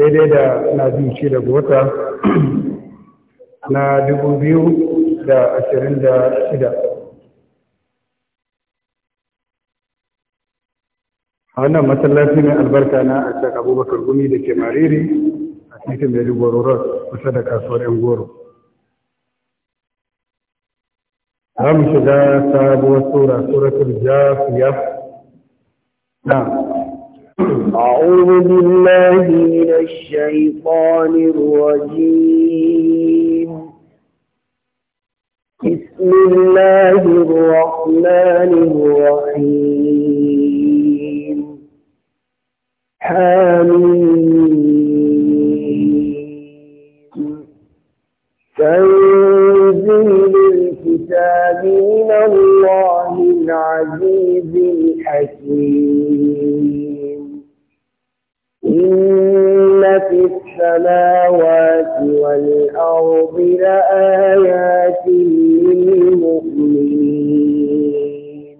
Daidai da na jin ce daga wata na dubu biyu da ashirin da shida a wannan masallaci mai albarka na a abubakar gumi da ke mariri a cikin mai rigoro kusa da kasuwar yan goro za mu shiga sabuwar tsora tsoratar jafiya na أعوذ بالله من الشيطان الرجيم بسم الله الرحمن الرحيم حميم تنزيل الكتاب من الله العزيز الحكيم إن في السماوات والأرض لآيات للمؤمنين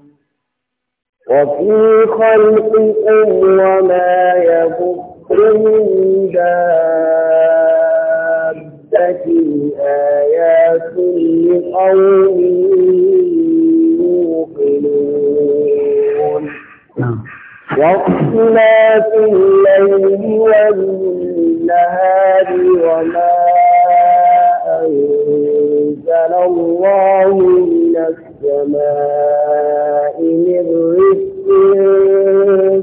وفي خلقكم وما يبث من دابة آيات لقوم واختلاف الليل والنهار وما أنزل الله من السماء من رزق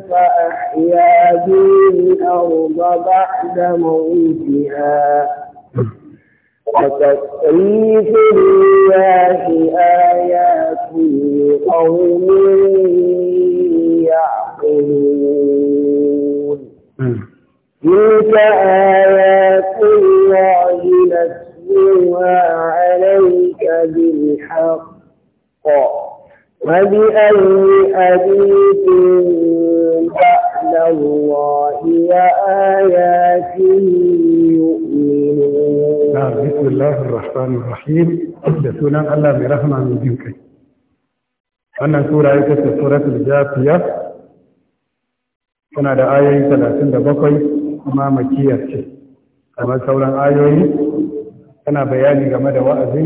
فأحيا به الأرض بعد موتها وتصريف الرياح آيات لقوم يعلمون يعقلون تلك آيات الله نتلوها عليك بالحق وبأي حديث بعد الله وآياته يؤمنون نعم، بسم الله الرحمن الرحيم سنة الله برحمة من دينك أنا سورة ita آية ce الجاثية tana da ayoyi talatin da bakwai kuma makiyar ce kamar sauran ayoyi tana bayani game da wa'azi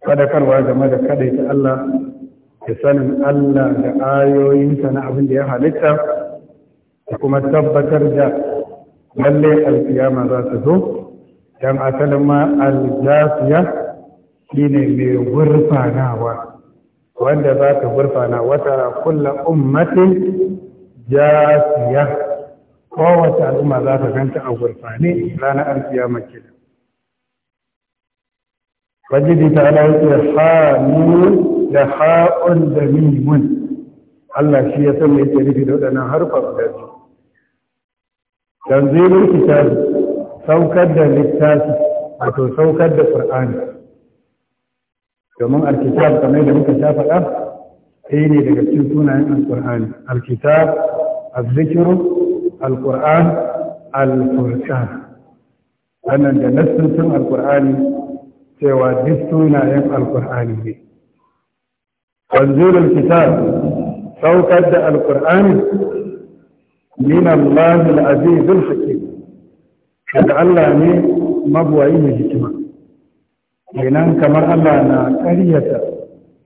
fadakarwa game da kadaita Allah da sanin Allah da ayoyinsa na abin da ya halitta da kuma tabbatar da lalle alkiyama za ta zo dan asalin ma aljafiya shine mai gurfanawa wanda za ta gurfana wata kulla ummatin jasiya kowace al'umma za ta ganta a gurfane ranar alkiyama kenan wajidi ta ala yake hannu da ha'on da mimun Allah shi ya san me yake nufi da waɗannan harfa guda biyu tanzilin kitabi saukar da littafi wato saukar da qur'ani domin alkitab kamar da muka sha faɗa ɗaya ne daga cikin sunayen alqur'ani alkitab الذكر القرآن الفرقان wannan da nassuncin alkur'ani cewa duk sunayen alkur'ani ne wanzurul kitab saukar da alkur'ani min Allah al-aziz al-hakim daga Allah ne mabuwayi mai hikima kenan kamar Allah na karyata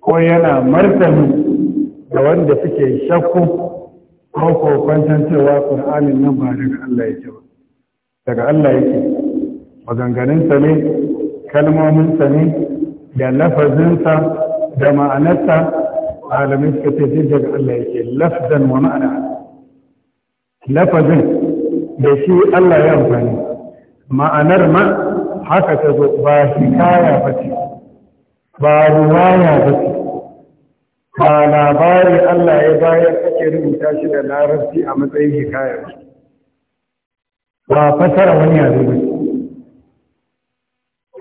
ko yana martani da wanda suke shakku ko kwanton cewa ƙur'anin nan ba daga Allah yake ba daga Allah yake maganganunsa ne kalmominsa ne da lafazinsa da ma'anarsa alamin suka ce daga Allah yake lafzan wa ma'ana lafazin da shi Allah ya amfani ma'anar ma haka ta zo ba hikaya ba ce ba ruwaya ba ce ba labari Allah ya bayar ake rubuta shi da larabci a matsayin hikayar ba fasara wani yare ba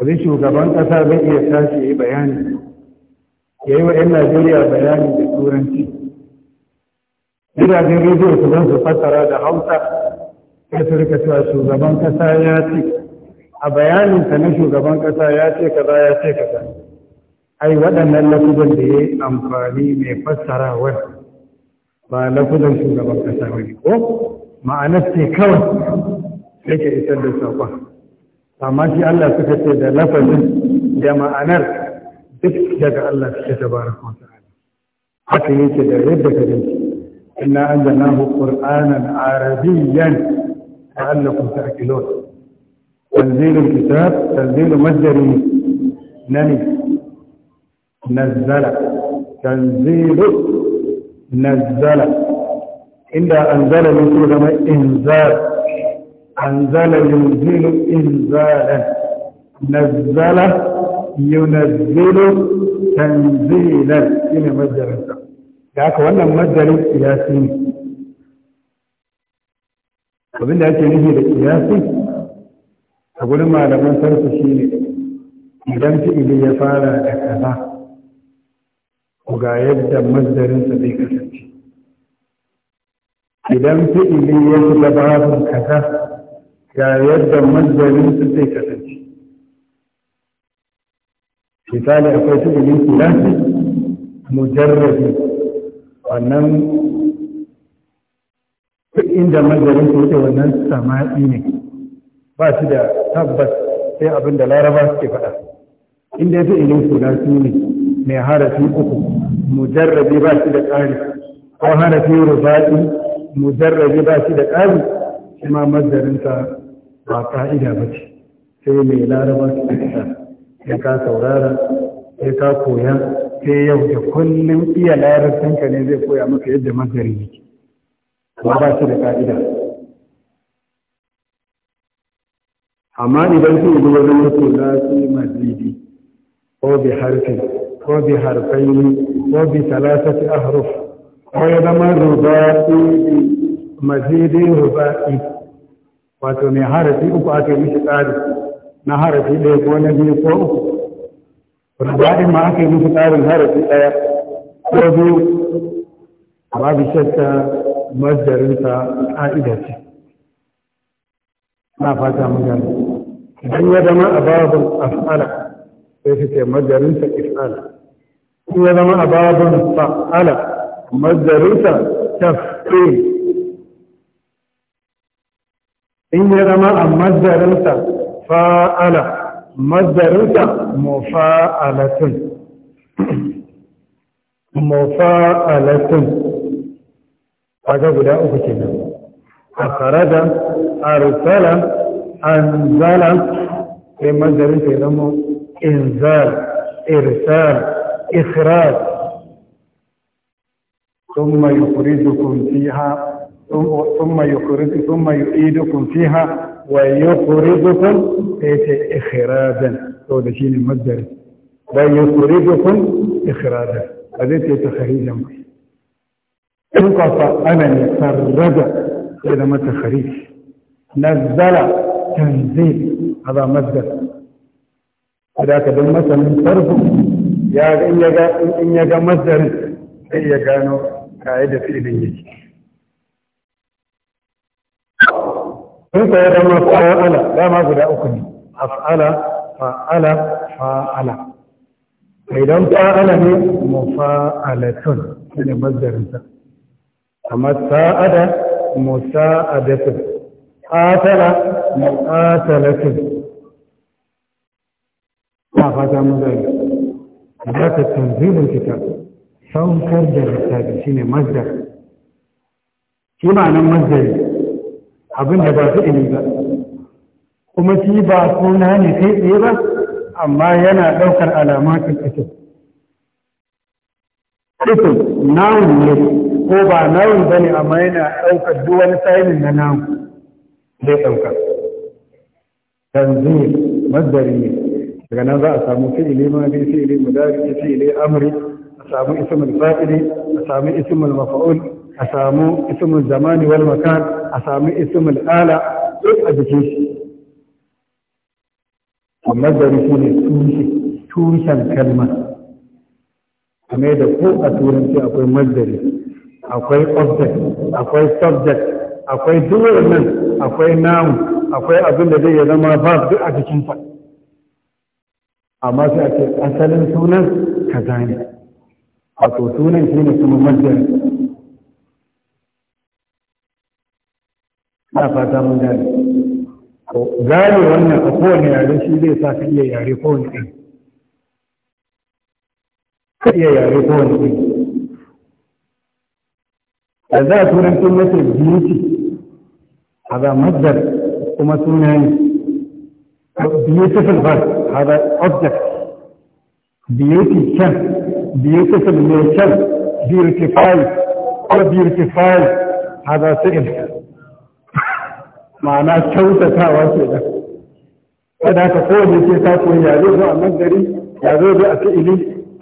wani shugaban ƙasa zai iya tashi yi bayani ya yi wa 'yan Najeriya bayani da turanci gidajen rediyo su zan su fassara da hausa ya su rika cewa shugaban ƙasa ya ce a bayaninsa na shugaban ƙasa ya ce kaza ya ce kaza ai waɗannan lafudan da ya amfani mai wani ba lafudan shugaban kasa ba ne ko ma'anar ce kawai yake isar da saƙon amma shi Allah suka ce da lafazin da ma'anar duk daga Allah suka ta wa ta'ala haka yake da yadda ka dace inna anzalnahu qur'anan arabiyyan la'allakum ta'qilun tanzilin kitab tanzilu na nani nazzala tanzilu nazzala inda anzala ne su zama inzal anzala yunzilu inzalan nazzala yunazzilu tanzilan shine majarinsa da haka wannan majarin kiyasi ne abin da ake nufi da kiyasi a gurin malaman sarsu shine idan fi'ili ya fara da kaza ku ga yadda mazdarinsa zai kasance idan fi'ili ya shiga babin kaza ga yadda mazdarinsa zai kasance misali akwai fi'ili kula mujarrabi wannan duk inda mazdarinsa yake wannan sama'i ne ba shi da tabbas sai abin da laraba suke faɗa inda ya kula su ne mai harafi uku mujarrabi ba shi da ƙari ko hana fi ruba'i mujarrabi ba shi da ƙari shi ma mazdarinsa ba ka'ida ba ce sai mai laraba su da ya ka saurara ya ka koya sai yau da kullum iya larabcinka ne zai koya maka yadda mazdari yake ba ba shi da ka'ida amma idan su yi wani mutu na su mazidi ko bi harfin ko bi harfai ko bi talatati ahruf ko ya zama rubai mazidi rubai wato mai harafi uku aka yi tsari na harafi ɗaya ko na biyu ko uku ma aka yi tsarin harafi ɗaya ko biyu babu shakka na fata mun a sai su ce madarinsa if'ala in ya zama a babin fa'ala madarinsa taf'il in ya zama a madarinsa fa'ala madarinsa mufa'alatun mufa'alatun kaga guda uku ke nan a akhraja arsala zala sai madarinsa ya zama إنزال إرسال إخراج ثم يخرجكم فيها ثم يخرج ثم يعيدكم فيها ويخرجكم إخراجا هو ده شيء المصدر ويخرجكم إخراجا هذا تخريجا انقص انا فرد إذا ما تخريج نزل تنزيل هذا مصدر da ka don masanin sarfin ya ga in ya ga masarin sai ya gano kayi da filin yake sun sayar da ma fa'ala dama guda uku ne af'ala fa'ala fa'ala idan fa'ala ne mu mufa'alatun shine mazdarinsa amma sa'ada musa'adatun mu muqatalatun ina fata mun gani za ta tanzilin kitab saukar da littafi shine masdar shi ma nan masdari abin da ba fi'ili ba kuma shi ba suna ne kai tsaye ba amma yana ɗaukar alamatin kitab kitab nawun ne ko ba nawun ba ne amma yana ɗaukar duk wani sainin na nawun zai ɗauka tanzil masdari ne daga nan za a samu fi'ili bi fi'ili mudari fi'ili amri a samu ismul fa'ili a samu ismul maf'ul a samu ismul zamani wal makan a samu ismul ala duk a jikin shi amma gari shi ne tushe tushen kalma mai da ko a turanci akwai mazdari akwai object akwai subject akwai duk nan, akwai noun akwai abin da zai zama ba duk a jikinsa amma sai a ce asalin sunan kaza ne wato sunan shi ne kuma majiyar na fata mun gane gane wannan a kowane yare shi zai sa ka iya yare kowane ɗin ka iya yare kowane ɗin A za a turan sun mace beauty a za majiyar kuma suna ne beautiful bird هذا object beauty can beautiful nature beautified or beautified هذا فعل ma'ana kyautatawa ke kada ka kowane ce ta koyi ya zai zo a mandari ya zai zo a fi'ili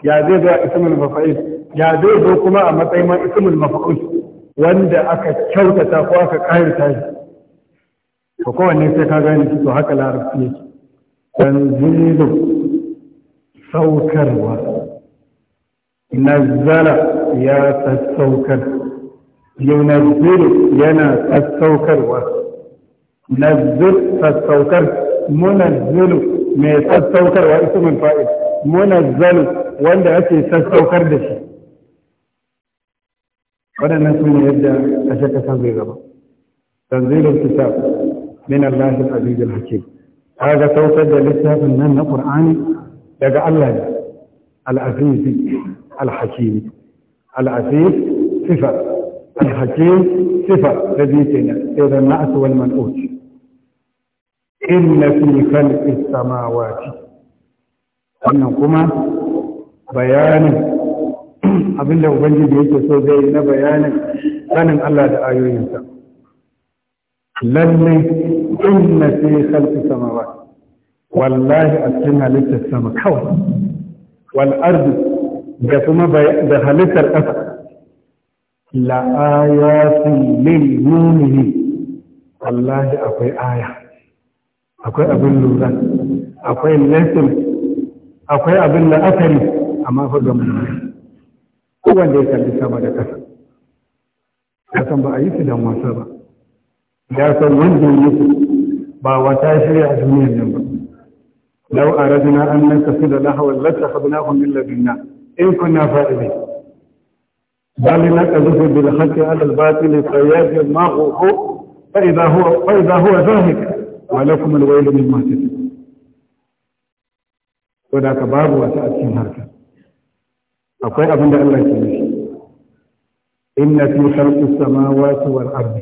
ya zai zo a ismul mafa'il ya zai zo kuma a matsayin ma ismul wanda aka kyautata ko aka ƙayar shi ko kowanne sai ka gane to haka larabci yake tanzilu saukarwa nazzala ya sassaukar yunazzilu yana sassaukarwa nazzil sassaukar munazzilu mai sassaukarwa ismin fa'il munazzalu wanda ake sassaukar da shi waɗannan su ne yadda kashe kasan zai gaba tanzilul kitab min Allah al-aziz al-hakim kaga saukar da littafin nan na qur'ani daga Allah ne al-aziz al-hakim al-aziz sifa al-hakim sifa da bikin idan na'at wal man'ut inna fi khalqis samawati wannan kuma bayanin abinda ubangiji yake so zai na bayanin sanin Allah da ayoyinsa lallai inna fi khalqi samawati wallahi a cikin halittar sama kawai wal ardi da kuma da halittar ƙasa la ayatin lil mu'minin wallahi akwai aya akwai abin lura akwai lesson akwai abin la'akari amma fa ga Ko wanda ya kalli sama da ƙasa kasan ba a yi su dan wasa ba ya san wanda ya yi su باوتا شريعة لو أردنا أن نتصد لهوا لاتخذناه من لدنا إن كنا فائدين بل نكذب بالحق على الباطل فياد ما فإذا هو فإذا هو ذاهب ولكم الويل من ما تكذب وذاك باب وسأت في هركة أقول أبن الله إن في خلق السماوات والأرض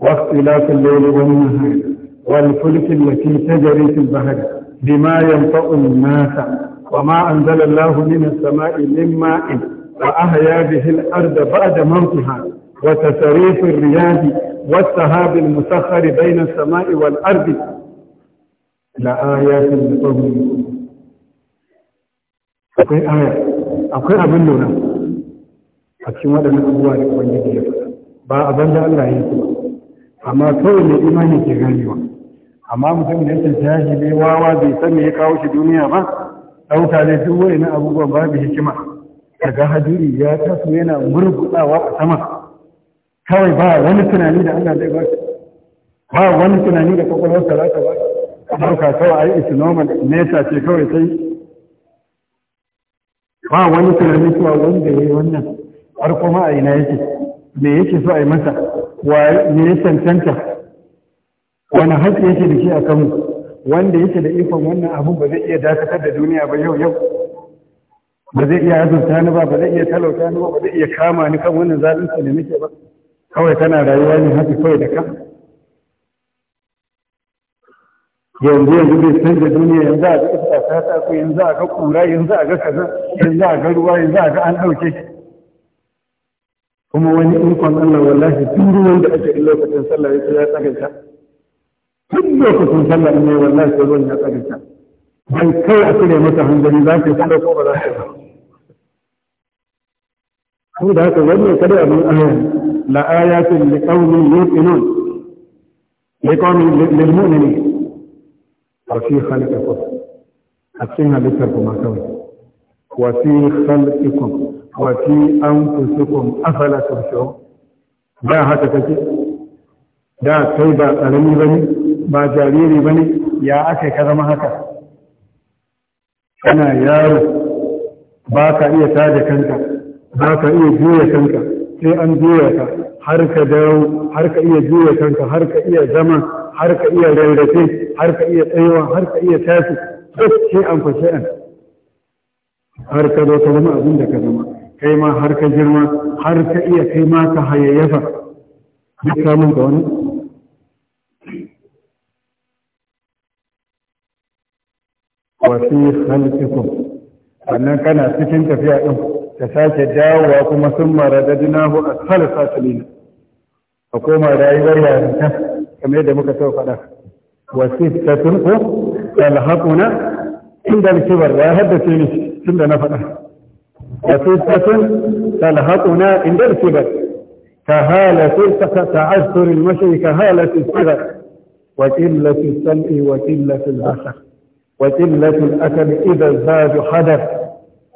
واختلاف الليل والنهار والفلك التي تجري في البحر بما ينطق الناس وما أنزل الله من السماء من ماء فأحيا به الأرض بعد موتها وتصريف الرياض والسحاب المسخر بين السماء والأرض لآيات لقوم akwai aya akwai abin lura a cikin waɗannan abubuwa da ubangiji ya faɗa ba a banza Allah ya yi ba amma kawai mai imani ke ganewa amma mutum da yake tashi bai wawa bai san me ya kawo shi duniya ba ɗauka ne duk wani abubuwan babu hikima daga hadiri ya taso yana murgudawa a sama kawai ba wani tunani da Allah zai ba ba wani tunani da kwakwalwarsa za ta ba ɗauka kawai a yi isinoman nesa ce kawai sai ba wani tunani cewa wanda ya yi wannan farko ma a ina yake me yake so a yi masa ne ya cancanta wani haƙƙi yake da shi a kanmu wanda yake da ikon wannan abun ba zai iya dakatar da duniya ba yau yau ba zai iya azurta ni ba ba zai iya talauta ni ba ba zai iya kama ni kan wannan zalunci da nake ba kawai kana rayuwa ne haka kawai da kan yanzu yanzu bai canza duniya yanzu a ga iska ta ta yanzu a ga kura yanzu a ga kaza yanzu a ga ruwa yanzu a ga an ɗauke shi kuma wani ikon Allah wallahi duk ruwan da ake in lokacin sallah sai ya tsagaita duk lokacin sallah ne wallahi sai ruwan ya tsagaita bai kai a cire masa hanzari za ka sallah ko ba za ka ba ko da haka wannan kada abin aya la ayatin li qaumin yuqinun li qaumin lil mu'minin fa fi khalqakum a cikin halittar kuma kawai وفي خلقكم وفي أنفسكم أفلا تبصرون da haka kake da kai ba ƙarami bane ba jariri bane ya aka ka zama haka kana yaro ba ka iya tada kanka ba ka iya juya kanka sai an juya ka har ka dawo har ka iya juya kanka har ka iya zama har ka iya rarrafe har ka iya tsayawa har ka iya tashi duk sai an fashe an har ka zo ka zama abin da ka zama kai ma har ka girma har ka iya kai ma ka hayayyafa duk samun ga wani wasu halittakun sannan kana cikin tafiya ɗin ta sake dawowa kuma sun mara da dinahu a salasa tulina a koma rayuwar yarinta kamar yadda muka sau faɗa wasu ta tunko alhaƙuna inda kibar ya haddace ni tun da na faɗa wato satin talhaƙuna inda da kibar ka halatin ta'asturin mashi ka halatin sigar wa ƙillatin sam'i wa ƙillatin basar wa ƙillatin akali idan zaju hadar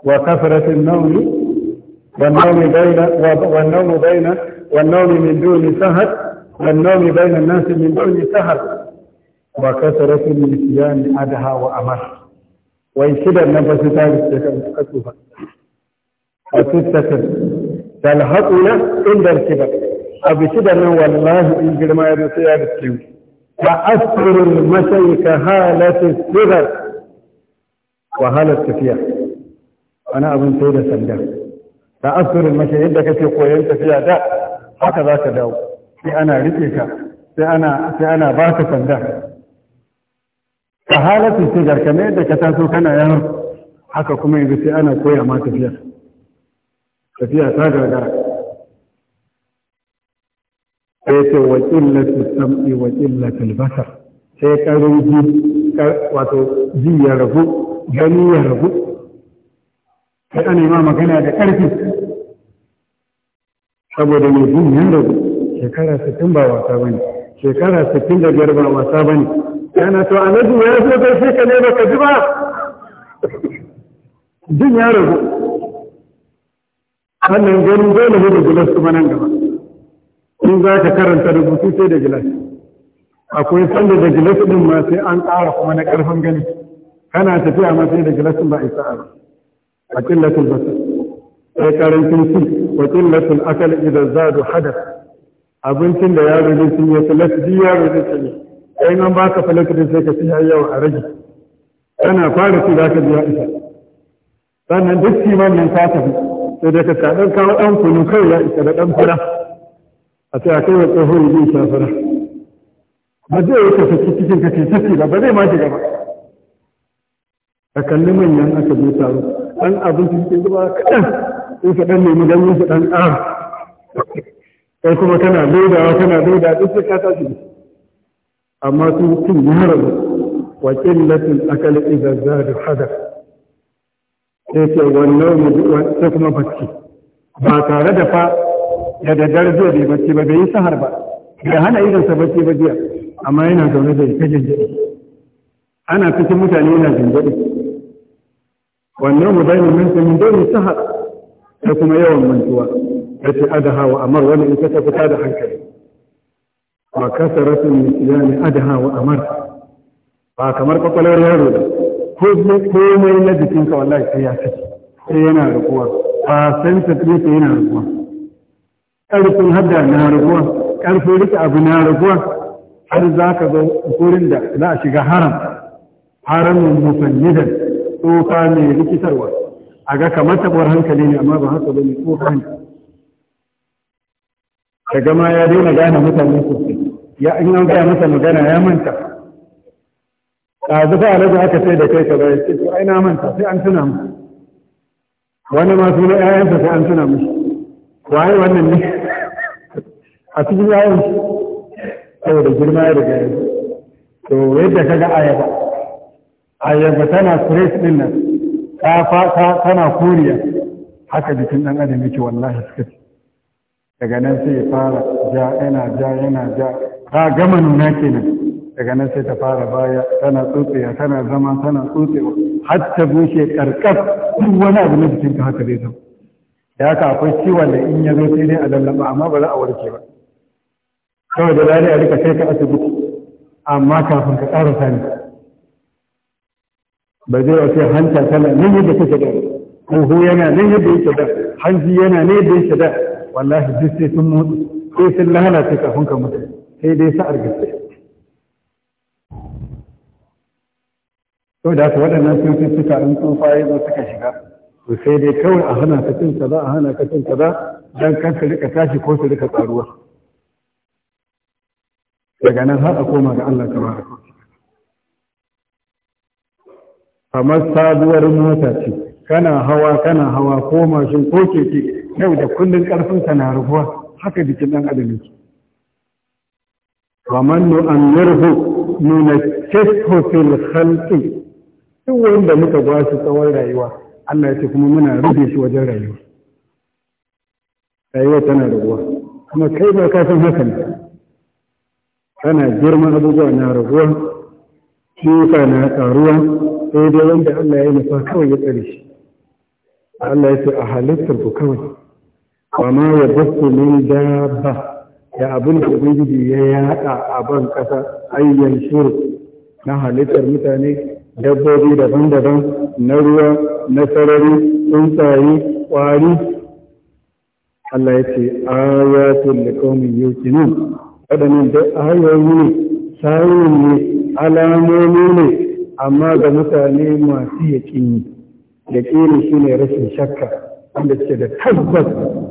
wa kafaratin nauni والنوم بين والنوم بين والنوم من دون سهر والنوم بين الناس من دون سهر وكثرة النسيان أدهى وأمر wai shidan nan ba su ta da kan kasu ba a tuttakin talhaƙuna inda kibar abu shidan nan wallahi in girma ya rufe ya rufe ba asirin mashayi ka halatin sigar wahalar tafiya wani abin sai da sanda ta asirin mashayi yadda kake koyon tafiya da haka za ka dawo sai ana rufe ka sai ana ba ka sanda ka halatu sigar kamar da ka taso kana yaro haka kuma yanzu sai ana koya ma tafiya tafiya ta gagara sai ce wa ƙillatu sam'i wa ƙillatu basar sai karin ji wato ji ya rabu gani ya rabu sai ana yi ma magana da ƙarfi saboda mai jin ya rabu shekara 60 ba wasa bane shekara 65 da biyar ba wasa bane yana to annabi ya zo da shi ka ne baka ji ba jin ya ragu. wannan ganin dole ne da gilas kuma nan gaba in za ka karanta rubutu sai da gilas akwai sanda da gilas din ma sai an ƙara kuma na ƙarfin gani kana tafiya ma sai da gilas ba isa ba a killatul basa, sai karancin su wa killatul akal idan zadu hadath abincin da yaro zai cinye su lafi yaro zai cinye in an baka falakudin sai ka ci ya yawa a rage kana fara ci za ka biya isa sannan duk kiman nan ka tafi sai da ka kaɗan kawo ɗan kunu kai ya isa da ɗan fara a ce a kai wa tsohon yi sha fara ba zai yi kasa cikin ka ce ba ba zai ma shiga ba a kalli manyan aka je taro ɗan abinci cikin zuba kaɗan sai ka ɗan nemi ganin su ɗan ƙara kai kuma kana lodawa kana lodawa duk sai ka tashi amma su mutum ya rabu wa ƙillatin akali idan za da hada sai ce wannan mutu sai kuma bacci ba tare da fa ya da darzo bai bacci ba bai yi sahar ba bai hana idan sa bacci ba jiya amma yana zaune da ita jinjiɗi ana cikin mutane yana jinjiɗi wannan mu bai mun sun dole sahar da kuma yawan mantuwa yace adaha wa amar wannan ita ta fita da hankali ba kasa rasu misali adaha wa amar ba kamar kwakwalwar yaro da komai na jikinka wallahi sai ya fi sai yana rikuwa ba san tafiye sai yana rikuwa ƙarfin hadda na rikuwa ƙarfin rike abu na rikuwa har za ka zo wurin da za a shiga haram haramin mufannidan tsofa mai rikitarwa a ga kamar tabuwar hankali ne amma ba haka ba ne tsofa ne ka gama ya daina gane mutane sosai ya an yau gaya masa magana ya manta a zuba alaji aka ce da kai ka bai ce to ai na manta sai an tuna mu wani ma suna ƴaƴansa sai an tuna mu waye wannan ne a cikin yawon da girma ya riga ya to yadda kaga ayaba ayaba tana stress din nan ta tana koriya haka jikin ɗan adam yake wallahi suka ce. daga nan sai ya fara ja yana ja yana ja ta gama nuna kenan daga nan sai ta fara baya tana tsotsewa tana zama tana tsotsewa har ta bushe karkar duk wani abu na jikinta haka zai zama ya ka akwai ciwon da in ya zo sai dai a lallaba amma ba za a warke ba kawai da zari a rika kai ka asibiti amma kafin ka ƙara sani ba zai wace hanta tana nan yadda kake da huhu yana nan yadda yake da hanji yana nan yadda yake da wallahi duk sai sun mutu sai sun lalace kafin ka mutu sai dai sa'ar gaske Sau da haka waɗannan cututtuka in tsufa ya zo suka shiga to sai dai kawai a hana ka cin kaza a hana ka cin kaza don kan su rika tashi ko su rika tsaruwa daga nan har a koma ga Allah tabaraka wa kamar sabuwar mota ce kana hawa kana hawa ko mashin ko keke yau da kullum ƙarfinsa na rufuwa, haka jikin ɗan adam yake ومن نؤمره ننكسه في الخلق duk wanda muka ba tsawon rayuwa Allah ya ce kuma muna rufe shi wajen rayuwa rayuwa tana raguwa kuma kai ba ka san haka ne kana girman abubuwa na raguwa kifa na karuwa sai dai wanda Allah ya nufa kawai ya tsare Allah ya ce a halittar ku kawai wa ma ya basu min da abin da ubangiji ya yaɗa a ban ƙasa ayyan shuru na halittar mutane dabbobi daban-daban na ruwa na sarari tsuntsaye ƙwari Allah ya ce ayatul liqaumin yuqinun wadannan da ayoyi ne sayin ne alamomi ne amma ga mutane masu yaƙini yaƙini shine rashin shakka wanda suke da tabbas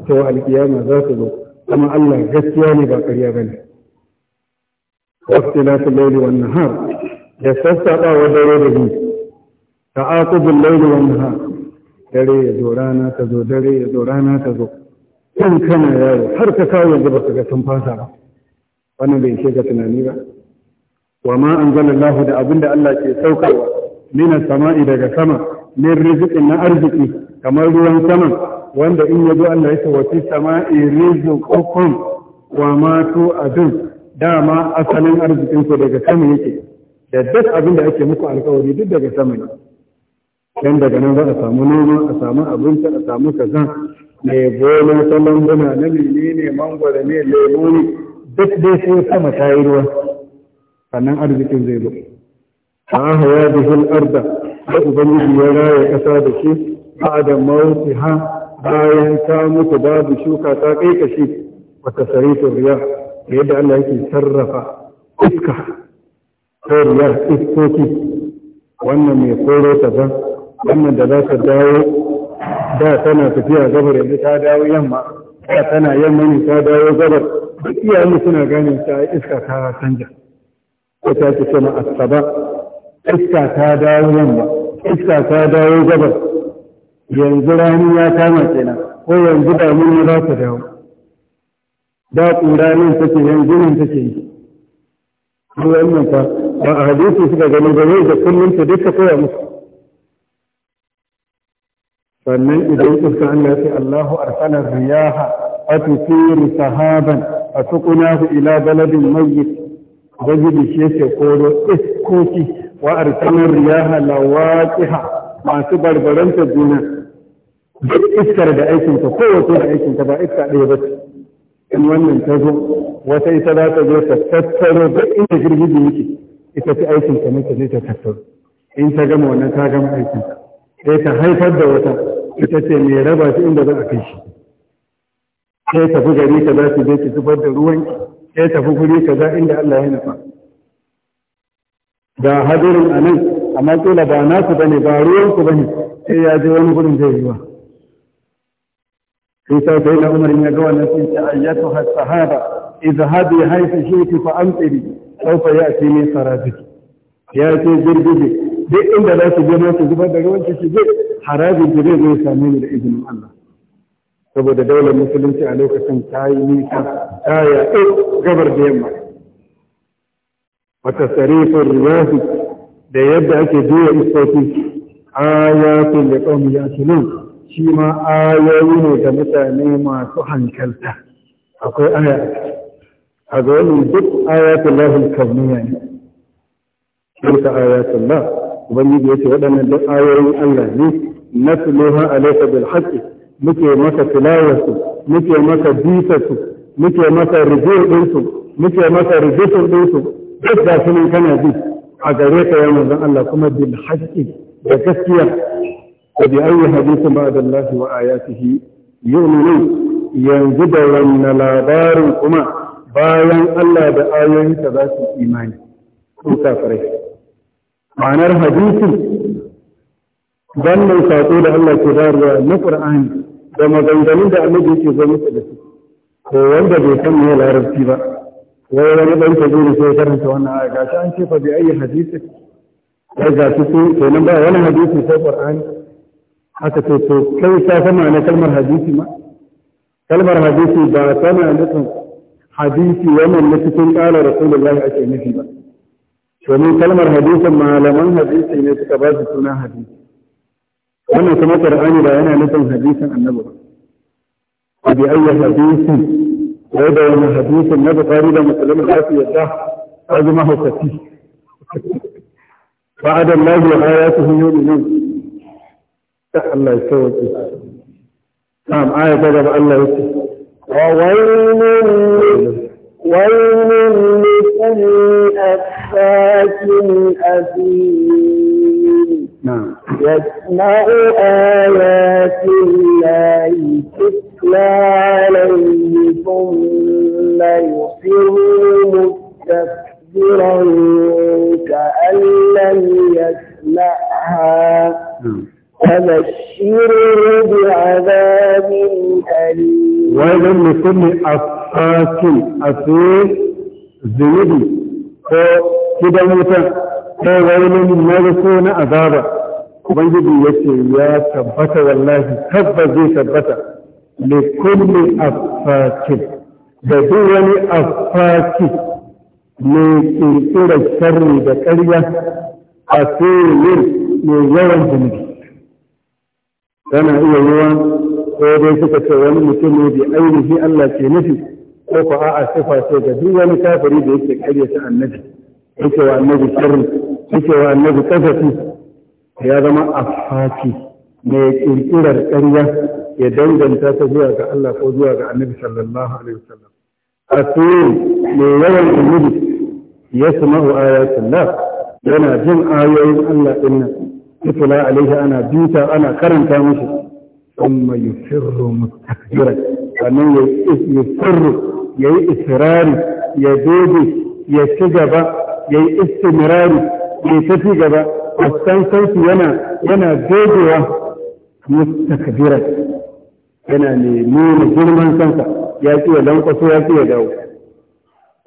to alkiyama za su zo kuma Allah gaskiya ne ba ƙarya ba ne wasu lati laili wannan har? da sassaɓa wa dare da biyu ta bin laili wannan ha? dare ya zo rana ta zo dare ya zo rana ta zo kan kana yaro har ka kawo yanzu ba su ga sun fasa ba wannan bai ishe ga tunani ba wa ma anzalallahu da abinda Allah ke saukarwa nina sama'i daga sama min rizikin na arziki kamar ruwan sama, wanda in ya zo Allah ya ce fi sama'i rizqukum wa ma tu'adun dama asalin arzikin ku daga sama yake da duk abin da ake muku alƙawari duk daga sama ne dan daga nan za a samu noma a samu abinci a samu kaza ne gona ta lambuna na menene mangwara ne lemu ne duk dai sai sama ta yi ruwa sannan arzikin zai zo ta haya bihil arda da ubangiji ya raya ƙasa da shi ba da mawuti ha bayan ta mutu babu shuka ta kai kashi wata sarifin riya da yadda Allah yake sarrafa iska ta riya iskoki wannan mai koro ta ba wannan da za ta dawo da tana tafiya gabar yanzu ta dawo yamma da tana yamma ne ta dawo gabar duk iyayen suna gane ta iska ta canja ko ta ce sama asaba iska ta dawo yamma iska ta dawo gabas yanzu rani ya kama kenan ko yanzu damuna za ta dawo da tsura nan take yanzu nan take yi ko wannan fa ba a hadisi suka gani ba zai da kullum ta duka koya musu sannan idan iska Allah ya ce Allahu arsala riyaha atusiru sahaban atuqnahu ila baladin mayyit ubangiji shi yake koro iskoki wa arsalna riyaha lawaqiha masu barbaranta juna duk iskar da aikin ta kowace da aikin ta ba iska ɗaya ba ce in wannan ta zo wata ita za ta zo ta tattaro duk inda girgiji yake ita ce aikin ta nake ne ta tattaro in ta gama wannan ta gama aikin ta sai ta haifar da wata ita ce mai raba shi inda za a kai shi sai tafi gari ka za su je ki zubar da ruwanki sai tafi guri ka za inda Allah ya nufa Da hadirin a nan amma kila ba nasu ba ne ba ruwansu ba ne sai ya je wani gudun zai yiwa sai ta sai na umarin ya ga wannan sun ta ayyatu sahaba izhabi haifu shiki fa amtiri saufa ya ce ne sarabiki ya ce girgije duk inda za su je su zubar da ruwan su je harabin da zai zai same ni da izinin Allah saboda daular musulunci a lokacin ta yi nisa ta yaɗo gabar da yamma wata sarifin riyahi da yadda ake juya iskoki ayatun da ƙaunin yakilun shi ma ayoyi ne ga mutane masu hankalta akwai aya a ga wani duk ayatun lahul kauniya ne shirka ayatun la ubangiji ya ce waɗannan duk ayoyin allah ne na tuluha alaika bil haƙƙi muke maka tilawarsu muke maka bitarsu muke maka rijiyar ɗinsu muke maka rijistar ɗinsu duk da su kana ji a gare ka ya manzon Allah kuma bil haqqi da gaskiya wa bi ayyi hadithin ba'da Allah wa ayatihi yu'minu yanzu da wannan labarin kuma bayan Allah da ayoyinsa za su imani su kafirai ma'anar dan mai sako da Allah ke bayarwa na Qur'ani da maganganun da annabi ke zama da su ko wanda bai san me larabci ba wai wani ɗan kabiru sai karanta wannan aya gashi an ce fa bi ayi hadisi kai gashi sai kenan ba wani hadisi sai qur'ani haka ce to kai ka sama ne kalmar hadisi ma kalmar hadisi ba tana nufin hadisi wannan na cikin ƙala rasulullahi ake nufi ba domin kalmar hadisin malaman hadisi ne suka ba su suna hadisi wannan kuma qur'ani ba yana nufin hadisin annabi ba bi ayi hadisi وهذا من حديث النبي قال إذا مسلم العافية الله عزمه فتيه بعد الله وآياته يوم يوم تحى الله يسوي نعم آية تدب الله يسوي وويل ويل لكل أفاك أثيم نعم يسمع آيات الله تتلى يتلى عليه ثم يصر مستكبرا كأن لم يسمعها نعم. فبشره بعذاب أليم وإذا لكل أفاك أصيل ذنبي كده موتا ويل ملك عذابا ubangiji ya ce ya tabbata wallahi tabbas zai tabbata likulli affakin da duk wani affakin mai ƙirƙirar sharri da ƙarya a fiye mai yawan zunubi tana iya yiwa ko dai suka ce wani mutum ne bi ainihi Allah ke nufi ko ko a'a sifa ce ga duk wani kafiri da yake ta annabi yake wa annabi sharri yake wa annabi kasafi ya zama affaki mai ƙirƙirar ƙarya ya danganta ta zuwa ga Allah ko zuwa ga annabi sallallahu alaihi wasallam asirin mai yawan zunubi ya sama'u ayatullah yana jin ayoyin Allah din nan yutula alaihi ana duta ana karanta mishi thumma yusirru mustakbiran sannan yusirru yayi israri ya doge ya ci gaba ya yi istimirari ya tafi gaba a san sauki yana yana dogewa mustakbiran yana ne nuna girman kansa ya ki ya lankwaso ya ki ya dawo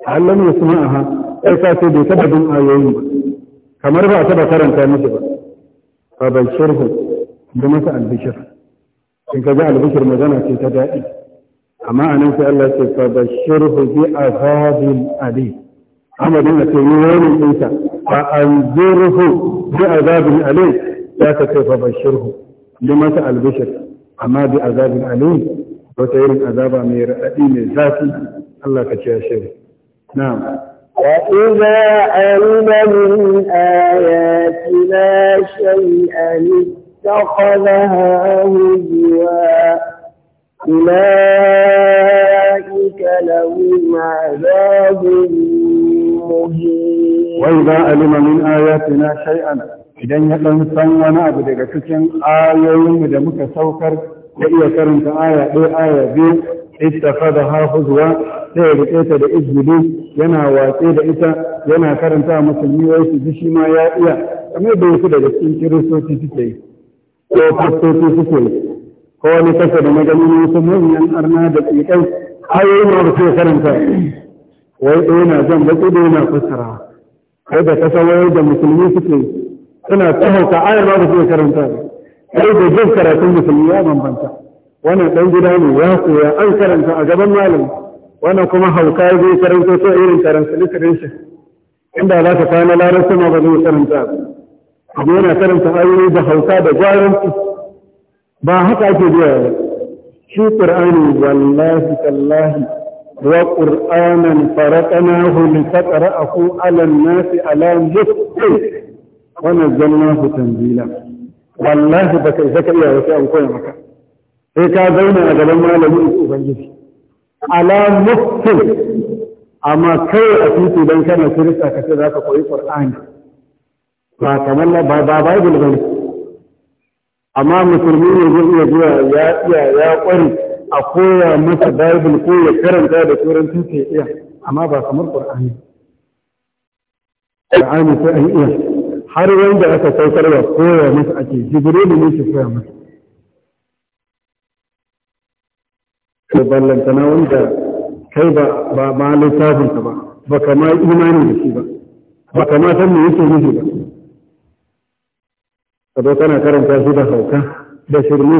Allah ne su ma'aha ai sa sai bai taba bin ayoyin ba kamar ba a taba karanta musu ba fa shirhu da masa albishir in ka ga albishir magana ce ta daɗi amma a nan sai Allah ce fa shirhu bi azabin ali amadin a ce ni wani ɗinsa fa anzirhu bi azabin ali ya ka ce fa shirhu da masa albishir amma bi azabin alim wata irin azaba mai raɗaɗi mai zafi Allah ka ce na'am وإذا علم من آياتنا شيئا اتخذها هزوا أولئك لهم عذاب مهين وإذا علم من آياتنا شيئا idan ya ɗan san wani abu daga cikin ayoyin da muka saukar ya iya karanta aya ɗaya aya biyu ittakhadha hafizwa sai ya riƙe ta da izbili yana watse da ita yana karanta musulmi wai su ji shi ma ya iya kamar da wasu daga cikin kiristoci suke yi ko fastoci suke yi ko wani kasa da maganin wasu manyan arna da tsikai ayoyin da suke karanta wai ɗaya na jan baki ɗaya na fassara kai da kasa wayar da musulmi suke yi suna ta hauka ayar ba da su karanta sai da jin karatun musulmi ya bambanta wannan dan gida ne ya koya an karanta a gaban malam wannan kuma hauka ya zai karanta so irin karanta litirin shi inda za ka kana larabci ma ba zai karanta amma yana karanta ayoyi da hauka da gwaranci ba haka ake biya ba shi qur'ani wallahi tallahi wa qur'anan faraqnahu li taqra'ahu 'ala an-nasi 'ala muktin wannan zanna su tanzila wallahi baka isa ka iya wasu an koya maka sai ka zauna a gaban malamin su ubangiji ala muftin amma kai a titi dan kana kirista ka ce za ka koyi qur'ani ba kamar ba ba bible bane amma musulmi ne zai iya zuwa ya iya ya kware a koya masa bible ko ya karanta da turanci sai iya amma ba kamar qur'ani qur'ani sai an iya har wanda aka saukar wa koya masa ake jibrilu ne shi koya masa ballanta na wanda kai ba ba ma littafin ka ba ba kama imani da shi ba ba kama san me yake nufi ba ka zo kana karanta shi da hauka da shirme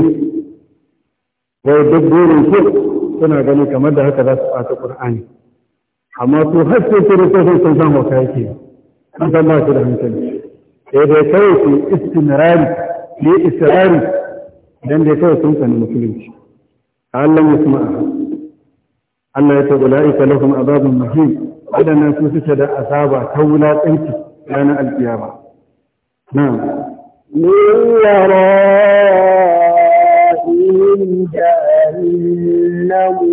wai duk burin shi suna gani kamar da haka za su ɓata ƙur'ani amma su har sai sun san hauka yake an san ba shi da hankali sai dai kawai su istinirari ne israri don dai kawai sun sani musulunci Allah ya kuma Allah ya ce ulaika lahum azabun muhim wadannan su suke da asaba ta wulakanci ranar alkiyama na'am min yara'ihim jahannam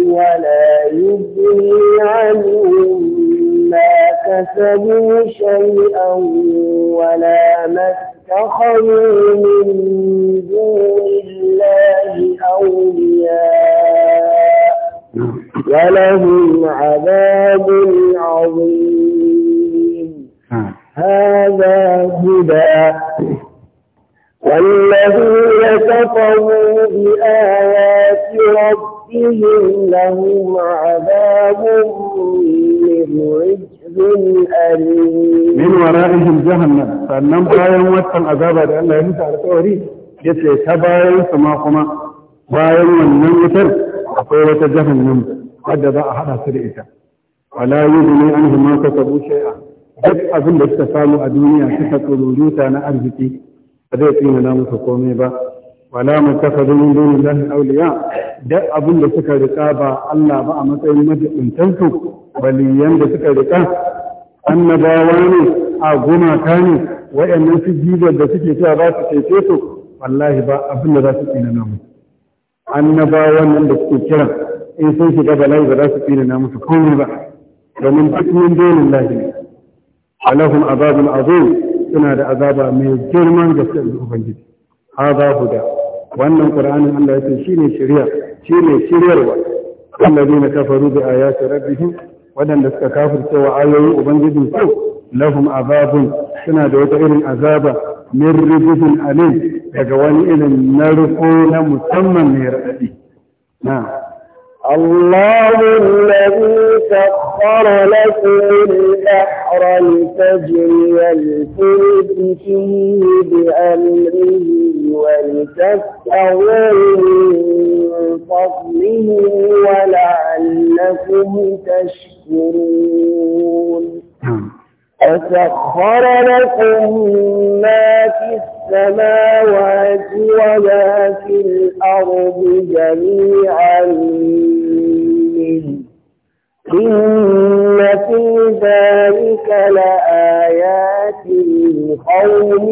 بَأْسَ شَيْئًا وَلَا مَا اتَّخَذُوا مِن دُونِ اللَّهِ أَوْلِيَاءَ وَلَهُمْ عَذَابٌ عَظِيمٌ آه. هَذَا هُدًى والذين كفروا بآيات ربهم لهم عذاب من رجس min jihar nan sannan bayan wannan azaba da Allah ya musu alƙawari yace ta bayan sama kuma bayan wannan wutar akwai wata jahannam wadda za a haɗa su da ita wala yudni anhum ma kasabu shay'a duk abin da suka samu a duniya suka tsoro juta na arziki ba zai tsina na musu komai ba wala mutakhadhu min dunillahi awliya da abin da suka rika ba Allah ba a matsayin majibintan su baliyan da suka rika annabawa ne a gumaka ne wayannan su jibar da suke cewa ba su cece su wallahi ba abin da za su tsina namu annabawan nan da suke kira in sun shiga bala'i ba za su tsina namu su komai ba domin duk min dunillahi ne alahum azabun azim suna da azaba mai girman gaske ubangiji hada huda wannan qur'anin Allah yake shine shari'a shine shiryarwa na kafaru bi ayati rabbihim wadanda suka kafirce wa ayoyin ubangijin su lahum azabun suna da wata irin azaba min rijzin alim daga wani irin narko na musamman mai radadi na'am الله الذي سخر لكم البحر لتجري الفلك فيه بأمره ولتستغل من فضله ولعلكم تشكرون نعم. فسخر لكم ما في السماوات وما في الأرض جميعا منه إن في ذلك لآيات لقوم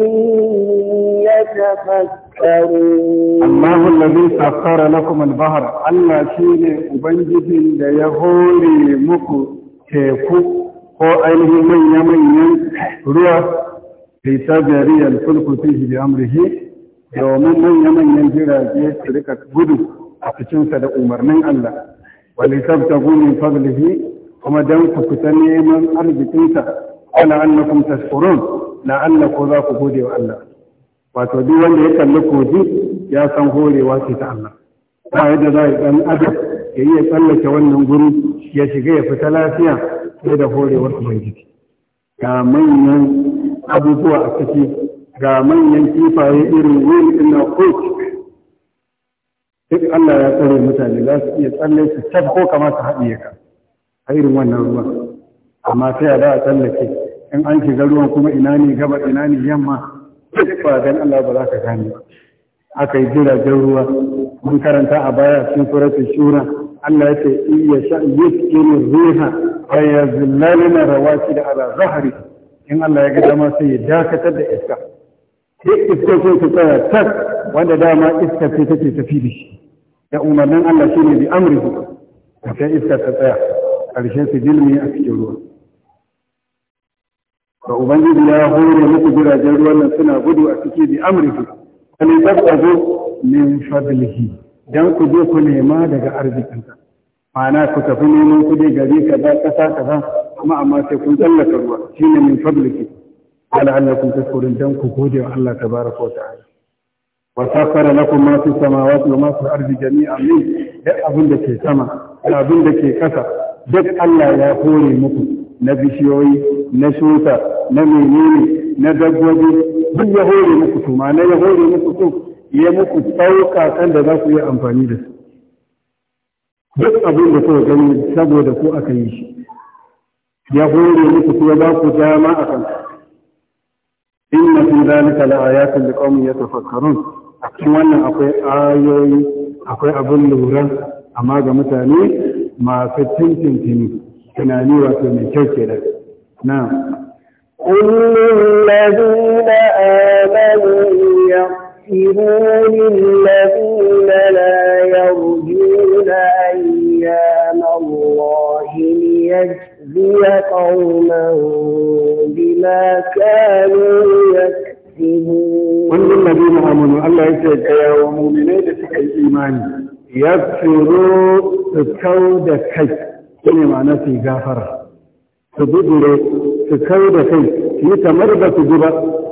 يتفكرون الله الذي سخر لكم البحر الله شيء أبنجد يهوري مكو teku ko ainihin manya-manyan ruwa fi tajariyar fulku fihi bi domin manya-manyan jirage su rika gudu a cikinsa da umarnin Allah wani tabta gumin fadlihi kuma dan ku fita neman arzikinsa ala annakum tashkurun la'alla ko za ku gode wa Allah wato duk wanda ya kalli kogi ya san horewa ce ta Allah ba yadda za a yi ɗan adam ya iya tsallake wannan guri ya shiga ya fita lafiya sai da horewar ubangiji ga manyan abubuwa a ciki ga manyan kifaye irin wani ina na duk Allah ya tsare mutane za su iya tsalle su ko kama su haɗiye ka a irin wannan ruwa amma sai a da a tsallake in an shiga ruwan kuma ina ne gaba ina ne yamma duk ba dan Allah ba za ka gane aka yi jiragen ruwa mun karanta a baya sun suratul shura Allah ya ce iya sha yuskin riha wa yazlalna rawaki da ala zahri in Allah ya ga dama sai ya dakatar da iska duk iska ko ta tsaya tas wanda dama iska ce take tafi da shi da umarnin Allah shi ne bi amrihi sai iska ta tsaya karshe su jilmi a cikin ruwa ba ubangiji ya hore muku jiragen ruwan nan suna gudu a ciki bi amrihi kalin tabbazo min fadlihi don ku je ku nema daga arzikinka ma'ana ku tafi neman kuɗi gari kaza ƙasa kaza kuma amma sai kun tsallaka ruwa shine min fabliki kun tafi dan ku gode wa Allah ta wa ta'ala wa sakhara na ma fi sama wa ma fi ardi jami'an amin duk abin da ke sama da abin da ke ƙasa duk Allah ya hore muku na bishiyoyi na shuka na menene na dabbobi duk ya hore muku su ma ya hore muku su ya muku kan da za ku yi amfani da su duk abin da kuka gani saboda ku aka yi shi ya hore muku kuma za ku dama a kan na fi zalika la ya ya yatafakkarun a cikin wannan akwai ayoyi akwai abin lura amma ga mutane masu tintintini tunani wato mai kyau ke da na قل للذين آمنوا يغفروا الذين لا يرجون أيام الله ليجزي قوما بما كانوا يكسبون الذين آمنوا الله يسعدك يا مؤمنين لسك الإيمان يغفروا الكود كي كل ما في غافرة تبدل تكود كي يتمرد تجرب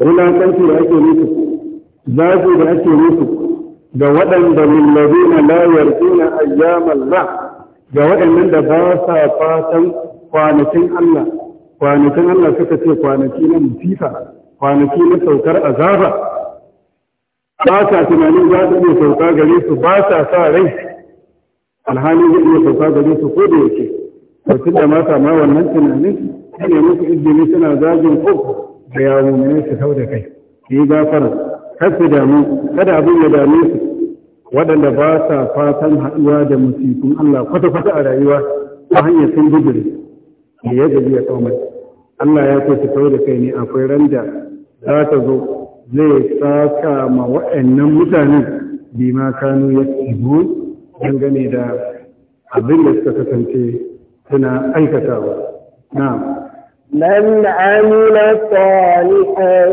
ولا تنسي أجل zaɓi da ake musu ga waɗanda na la yarjuna ayyamal la ga waɗannan da ba sa fatan kwanakin Allah kwanakin Allah suka ce kwanaki na musifa kwanaki na saukar azaba ba sa tunanin za su iya sauka gare su ba sa sa rai alhali zai iya sauka gare su ko da yake to da mata ma wannan tunanin ne musu izini suna zagin ko da yawo ne su sau da kai ki gafara kar damu kada abin ya dame su waɗanda ba sa fatan haɗuwa da musifin Allah kwata-kwata a rayuwa ta hanyar sun bijiri da ya gaji ya kaumai Allah ya ce su kawai da kai ne akwai randa za ta zo zai saka ma waɗannan mutane bi ma kanu ya ibu dangane da abin da suka kasance suna aikatawa na'am من عمل صالحا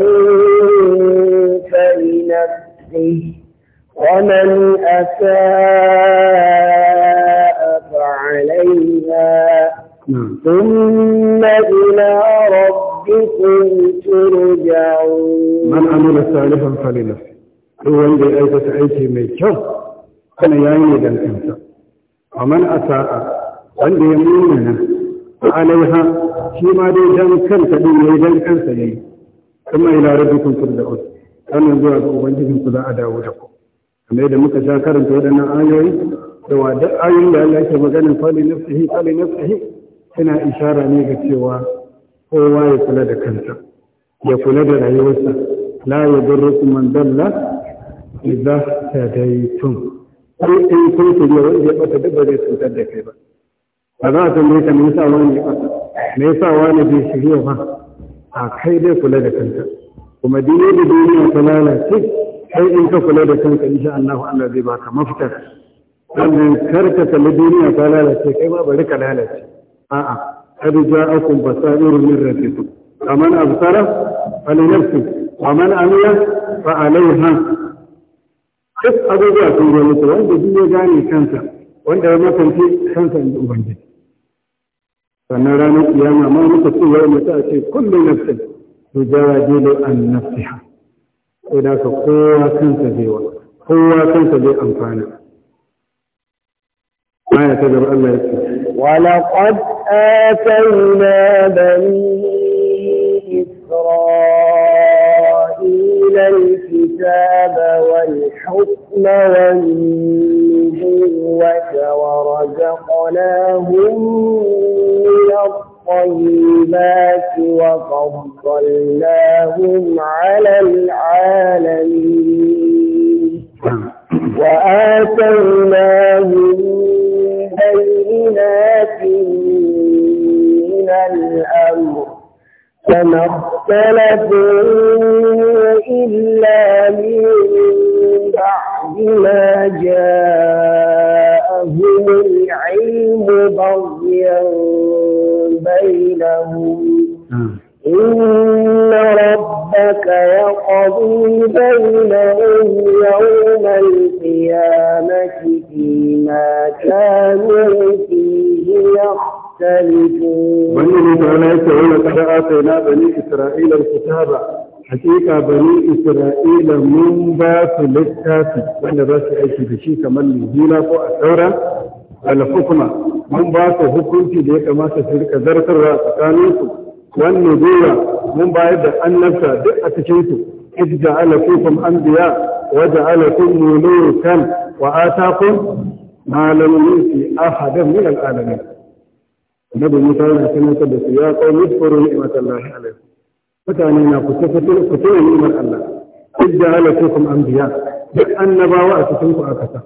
فلنفسه ومن أساء فعليها نعم. ثم إلى ربكم ترجعون من عمل صالحا فلنفسه هو الذي أيضا تعيشه من شر أنا يعني ذا ومن أساء عندي مؤمنة عليها shi ma dai dan kanta din ne dan kansa ne kuma ila rabbikum firdaus kana zuwa ga ubangijin ku za a dawo da ku kamar yadda muka sha karanta waɗannan ayoyi da wa duk ayoyin da Allah yake maganin fali nafsihi fali nafsihi yana isharar ne ga cewa kowa ya kula da kansa ya kula da rayuwarsa la yadurrukum man dalla idza tadaytum ko in kun kiriya wanda ya bata duk ba cutar da kai ba ba za a tambaye ka me yasa wani ya bata me yasa wani shi yau ba a kai dai kula da kanka kuma dole da duniya ta lalace kai in ka kula da kanka sha Allah Allah zai baka mafita kar karka kalli duniya ta lalace kai ma bari ka lalace a'a kad ja'akum basairu min rabbikum faman absara falinafsi faman amila fa alaiha duk abubuwa sun zo mutu wanda duk ya gane kansa wanda ya makance kansa da ubangiji sannan ranar kiyama ma muka ce yau mutu a ce kullum nafsin to jawabilu an nafsiha sai da ka kowa kansa zai wa kowa kansa zai amfana aya ta gaba Allah ya ce ولقد آتينا بني إسرائيل الكتاب والحكم والنبوة ورزقناهم الطيبات وفضلناهم على العالمين وآتيناهم بينات من الأمر فما اختلفوا إلا من بعد ما جاءهم العلم بغيا بينهم آه. إن ربك يقضي بينهم يوم القيامة فيما كانوا فيه يختلفون. بني تعالى يقول لقد آتينا بني إسرائيل الكتاب حقيقة بني إسرائيل من باس للتافي وأن باس أي شيء كمان من هنا فوق الثورة al-hukma mun ba su hukunci da ya kamata su rika zartarwa tsakanin su wannan dora mun bayar da annabta duk a cikin su id ja'ala fikum anbiya wa ja'alakum mulukan wa atakum ma lam yuti ahadan min al-alamin annabi Musa yana sanar da su ya qaumi furu ni'matallahi alaikum mutane na ku tafatar ku tayi ni'mar Allah id ja'ala fikum anbiya duk annabawa a cikin ku aka sa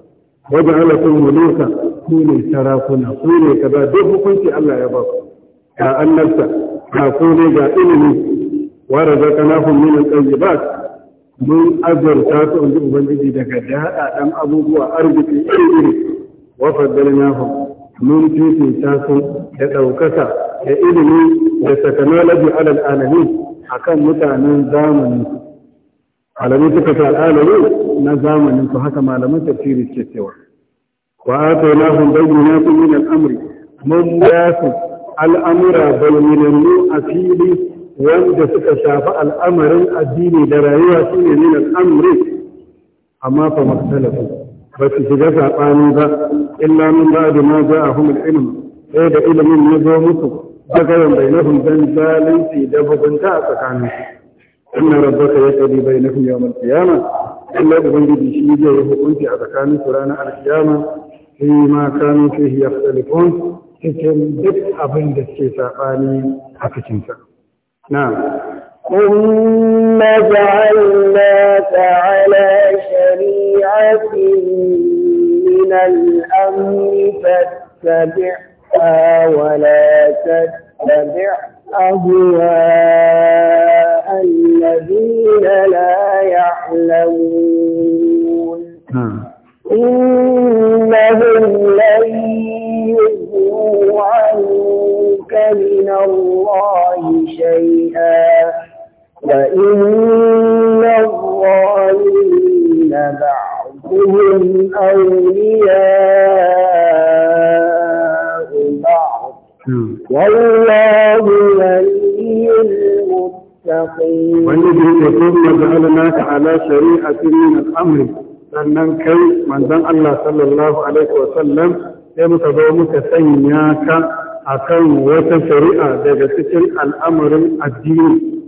wajen Allah sun muluka ku ne sarakuna ku ne kaza duk hukunci Allah ya ba ku ga annabta ga ku ne ga ilimi wa razaqnahum min al-tayyibat mun azurta su inda ubangiji daga dada dan abubuwa arziki iri iri wa faddalnahum mun ta su da daukaka da ilimi da technology alal alamin akan mutanen zamani malamai suka ta al'alari na zamanin su haka malaman tafsiri suke cewa wa ata na hun bayyana su min al'amri mun ba su al'amura bayyanannu a fili wanda suka shafi al'amarin addini da rayuwa su ne min al'amri amma fa makhtalafu ba su shiga saɓani ba illa min ba da ma za a humul ilm sai da ilimin ya zo musu bagayen bainahum dan zalunci da bugunta a tsakaninsu inna rabbaka yaqdi bainahum yawm al-qiyamah Allah ubangiji shi zai hukunci a tsakanin su ranar al-qiyama fi ma kanu fihi yakhtalifun cikin duk abin da suke sabani a cikin sa na'am ثم جعلناك على شريعة من الأمر فاتبعها ولا تتبع أهواء الذين لا يعلمون نعم. إنهم لن يغنوا عنك من الله شيئا وإن الظالمين بعضهم أولياء amri sannan kai manzan Allah sallallahu alaihi wa sallam sai muka zo muka sanya ka akan wata shari'a daga cikin al'amarin addini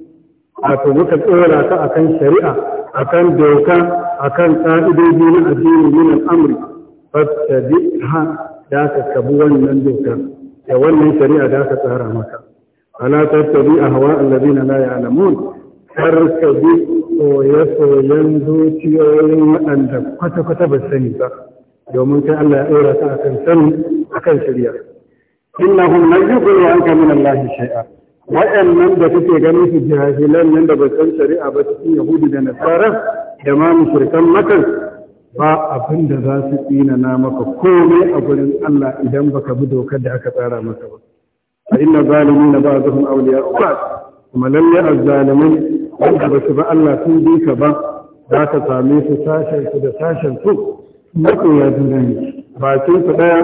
wato muka tsora ka akan shari'a akan doka akan ka'idoji na addini min al'amri ha da ka kabu wannan doka da wannan shari'a da ka tsara maka ala tattabi ahwa alladhina la ya'lamun ka bi soye-soyen zuciyoyin waɗanda kwata-kwata ba sani ba domin kai Allah ya ɗora ta akan sani akan shari'a innahum lan yughni anka min Allah shay'a wa'annan da kuke ganin su jahilan nan da ba san shari'a ba cikin yahudi da nasara da ma mushrikan ba abin da za su tsina na maka komai a gurin Allah idan baka bi dokar da aka tsara maka ba fa inna zalimina ba'dhum awliya'u ba'd kuma lalle azzalimin wanda ba su ba Allah sun bi ka ba za ka same su sashen su da sashen su ya juna ne bakin su daya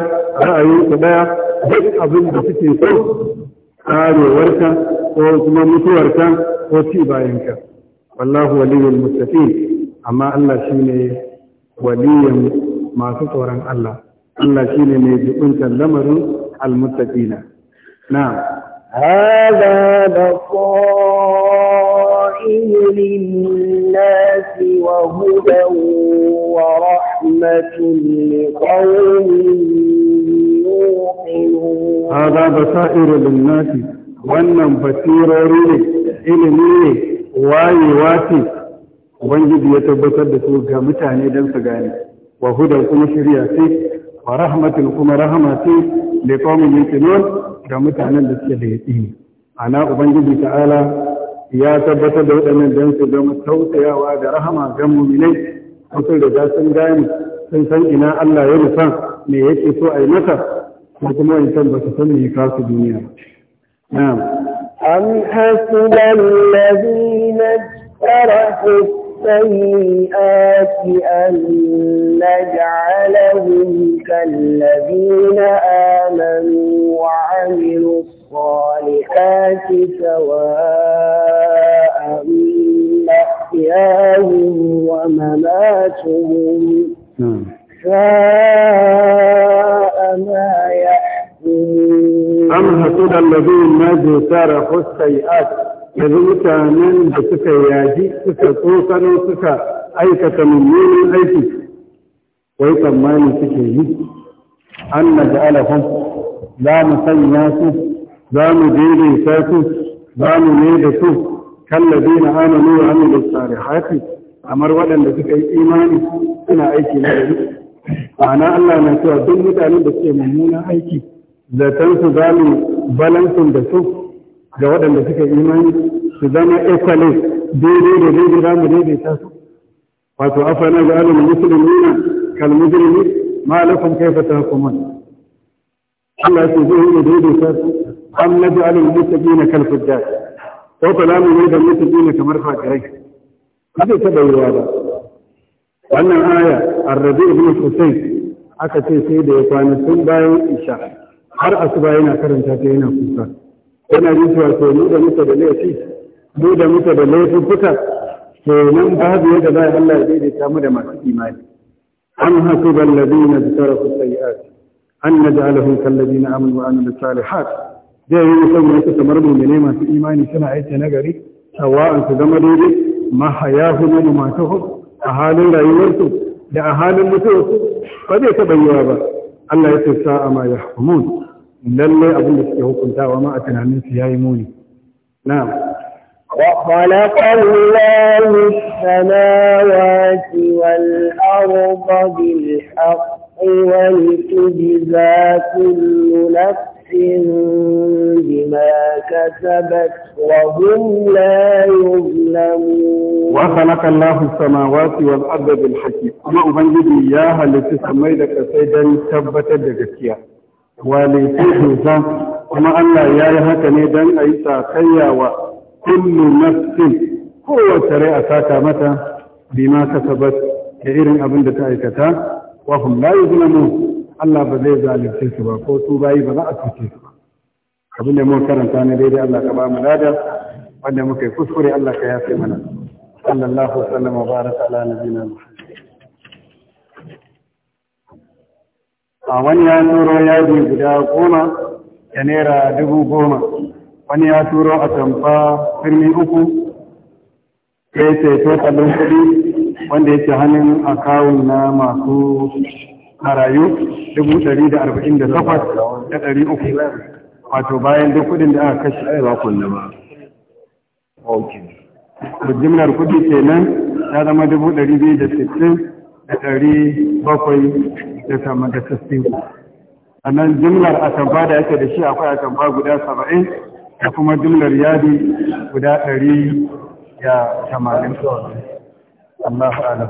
ra'ayin su daya duk abin da suke so karewarka ko kuma mutuwarka ko ci bayanka wallahu waliyul mustaqim amma Allah shine waliyan masu tsoron Allah Allah shine mai jibuntar lamarin almuttaqina na'am هذا بصائر للناس وهدى ورحمة لقوم يوقنون هذا بصائر للناس wannan basirori ne ilimi ne wayewa ce ubangiji ya tabbatar da su ga mutane don su gane wa hudan kuma shirya sai wa rahmatin kuma rahmatin ce da kawai yukinun da mutanen da suke da ya yaƙini ana ubangiji ta'ala ya tabbatar da waɗannan don su zama tausayawa da rahama ga muminai da za sun gane sun san ina Allah ya nufa me yake so a yi mata ko kuma san ba su san me ya duniya na'am an na ladina السيئات أن نجعلهم كالذين آمنوا وعملوا الصالحات سواء محياهم ومماتهم نعم. ساء ما يحكمون أم هكذا الذين ما جسره السيئات yanzu mutanen da suka yaji suka tsokano suka aikata mummunan aiki wai tsammani suke yi an na alafan za mu sanya su za mu daidaita su za mu ne da su kallabi na amanu wa amilu salihati kamar waɗanda suka yi imani suna aiki na yi? ma'ana Allah na cewa duk mutanen da suke mummunan aiki zaton su za mu balansun da su ga waɗanda suka imani su zama ekwale daidai da daidai za mu daidaita su wato afana ga alul muslimina kal mujrimi ma lakum fata hukumar Allah zai zo daidai daidaita su am naj'al al muttaqina kal fujjar ko kalamu ne da muttaqina kamar fakirai kaje ta bayyana ba wannan aya ar-rabi ibn husayn aka ce sai da ya kwana tun bayan isha har asuba yana karanta ta yana kusa yana jin cewa to mu da muka da laifi mu da muka da laifuka to nan babu yadda za Allah ya daidaita mu da masu imani an hasiba alladhina tarafu sayi'at an naj'alahum kalladhina amanu wa amilus salihat da yi musamman su kamar ne masu imani suna aiki nagari sawa'an su zama daidai mahayahum wa matahum a halin rayuwarsu da a halin mutuwarsu ba zai taɓa yiwa ba Allah ya ce sa'a ma yahkumun lalle abin لك suke hukuntawa ma a tunanin su yayi muni na'am وخلق الله السماوات والأرض بالحق ولتجزى كل نفس بما كسبت وهم لا يظلمون وخلق الله السماوات والأرض بالحق أما أبنجد إياها التي سميتك سيدا ثبت بكثير walifihisa kuma Allah ya yi haka ne don a yi sakayya wa kullu nafsin kowace rai a saka mata bima kasabat da irin abin da ta aikata wa hum la yuzlamun Allah ba zai zalunce su ba ko su bayi ba za a cuce su ba abin da mun karanta ne daidai Allah ka ba mu lada wanda muka yi kuskure Allah ka yafe mana sallallahu alaihi wa sallam wa baraka ala nabiyina a wani ya turo yaji guda goma da naira dubu goma wani ya turo a tamfa firmi uku ya yi ceto kallon kuɗi wanda yake hannun kawun na masu marayu dubu ɗari da arba'in da takwas da ɗari uku wato bayan duk kuɗin da aka kashe ai ba kunna ba jimlar kuɗi kenan ya zama dubu ɗari biyu da sittin da ɗari bakwai ta samu da a nan jimlar atamfa da yake da shi akwai atamfa guda saba'in da kuma jimlar yadi guda ɗari ya tamanin allah alam